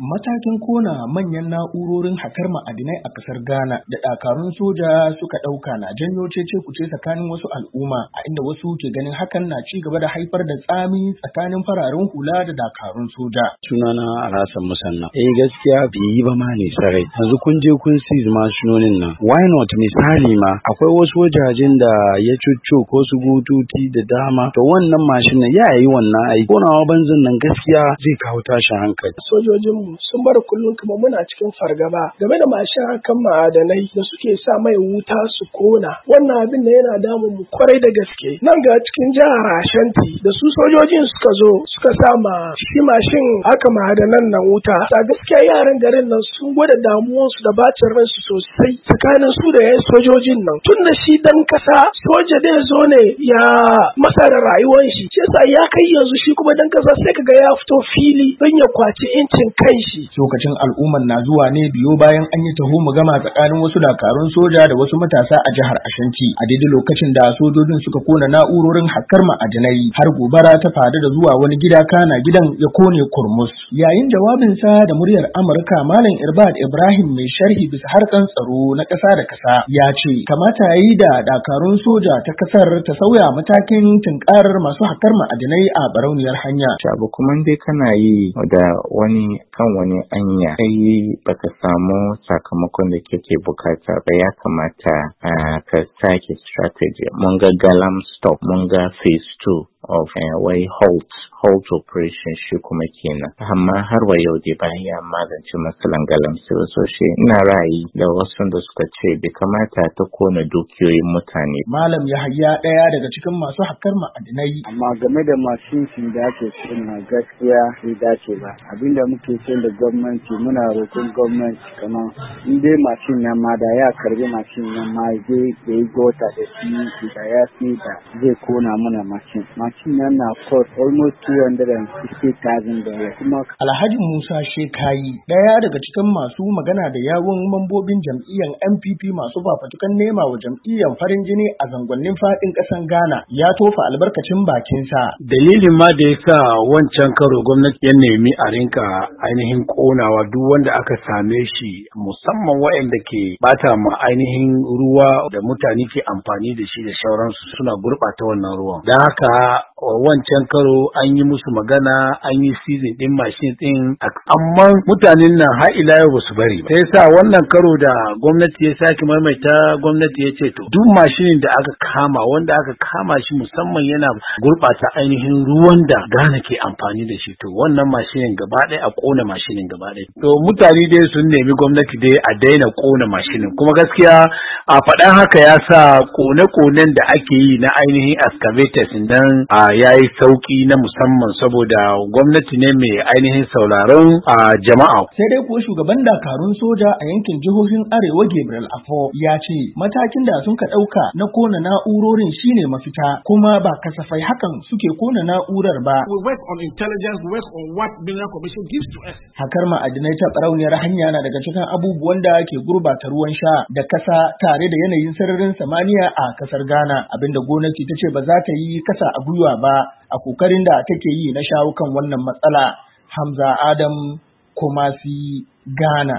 Matakin kona manyan na'urorin hakar ma'adinai a kasar Ghana da dakarun soja suka ɗauka na janyo cece kuce tsakanin wasu al'umma a inda wasu ke ganin hakan na ci gaba da haifar da tsami tsakanin fararen hula da dakarun soja. Sunana Alhassan Musanna. Eh gaskiya bi yi ba ma ne sarai. Yanzu kun je kun si ma sunonin nan. Why not misali ma akwai wasu wajajen da ya cucu ko su gututi da dama to wannan mashin ya yi wannan aiki. Konawa banzan nan gaskiya zai kawo tashin hankali. Sojojin sun bar kullum kamar muna cikin fargaba game da mashin hakan ma'adanai da suke sa mai wuta su kona wannan abin da yana damun mu kwarai da gaske nan ga cikin jihar Ashanti da su sojojin suka zo suka sa ma shi mashin haka ma'adanan nan wuta a gaskiya yaran garin nan sun gwada damuwarsu da bacin ransu sosai tsakanin su da yan sojojin nan tun da shi dan kasa soja zai zo ne ya masa da rayuwar shi shi ya kai yanzu shi kuma dan kasa sai kaga ya fito fili don ya kwaci incin kai shi lokacin al'ummar na zuwa ne biyo bayan an yi taho mu gama tsakanin wasu dakarun soja da wasu matasa a jihar Ashanti a daidai lokacin da sojojin suka kona na'urorin hakkar ma'adinai, har gobara ta faru da zuwa wani gida kana gidan ya kone kurmus yayin jawabin sa da muryar Amurka Malam Irbad Ibrahim mai sharhi bisa harkan tsaro na kasa da kasa. ya ce kamata yi da dakarun soja ta kasar ta sauya matakin tunkarar masu hakkar ma'adinai a barauniyar hanya. Shabu kuma dai kana yi da wani kan wani anya kai baka samu sakamakon da kake bukata ba ya kamata ah, ka sake strategy mun ga galam stop mun ga phase 2 of wai halt halt operation shi kuma kenan amma har wa yau dai bayan ya magance matsalan galamsey so shi ina ra'ayi da wasu da suka ce bai kamata ta kona dukiyoyin mutane malam ya ɗaya daya daga cikin masu hakkar ma'adinai amma game da masu yin da ake na gaskiya sai dace ba abinda muke so da gwamnati muna roƙon gwamnati kamar in dai mashin nan ma da ya karbi mashin nan ma zai yi gota da shi da ya fi da zai kona mana mashin mashin nan na cost almost dollars. kuma Alhaji Musa Shekayi ɗaya daga cikin masu magana da yawun mambobin jam'iyyar MPP masu fafatukan nema wa jam'iyyar farin jini a zangonnin faɗin ƙasan Ghana ya tofa albarkacin bakinsa. Dalilin ma da ya sa wancan karo gwamnati ya nemi a rinka ainihin ƙonawa duk wanda aka same shi musamman waɗanda ke bata ma ainihin ruwa da mutane ke amfani da shi da sauransu suna gurɓata wannan ruwan. Da haka wancan karo an yi musu magana an yi season din mashin din amma mutanen nan har ila yau ba su bari ba sai sa wannan karo da gwamnati ya sake maimaita gwamnati ya ce to duk mashinin da aka kama wanda aka kama shi musamman yana gurɓata ainihin ruwan da Ghana ke amfani da shi to wannan mashinin gaba ɗaya a kona mashinin gaba ɗaya to mutane dai sun nemi gwamnati dai a daina kona mashinin kuma gaskiya a faɗan haka ya sa kone-konen da ake yi na ainihin excavators nan ya yi sauki na musamman saboda gwamnati ne mai ainihin sauraron a jama'a. Sai dai kuwa shugaban dakarun soja a yankin jihohin Arewa Gabriel Afo ya ce matakin da sun ka ɗauka na kona na'urorin shine mafita kuma ba kasafai hakan suke kona na'urar ba. We work on intelligence, we work on what Commission gives us. Hakar ma'adinai ta tsarauniyar hanya na daga cikin abubuwan da ke gurbata ruwan sha da kasa tare da yanayin sararin samaniya a kasar Ghana abinda gwamnati ta ce ba za ta yi kasa a gwiwa gwiwa ba a kokarin da take yi na shawo kan wannan matsala. Hamza Adam Kumasi Ghana.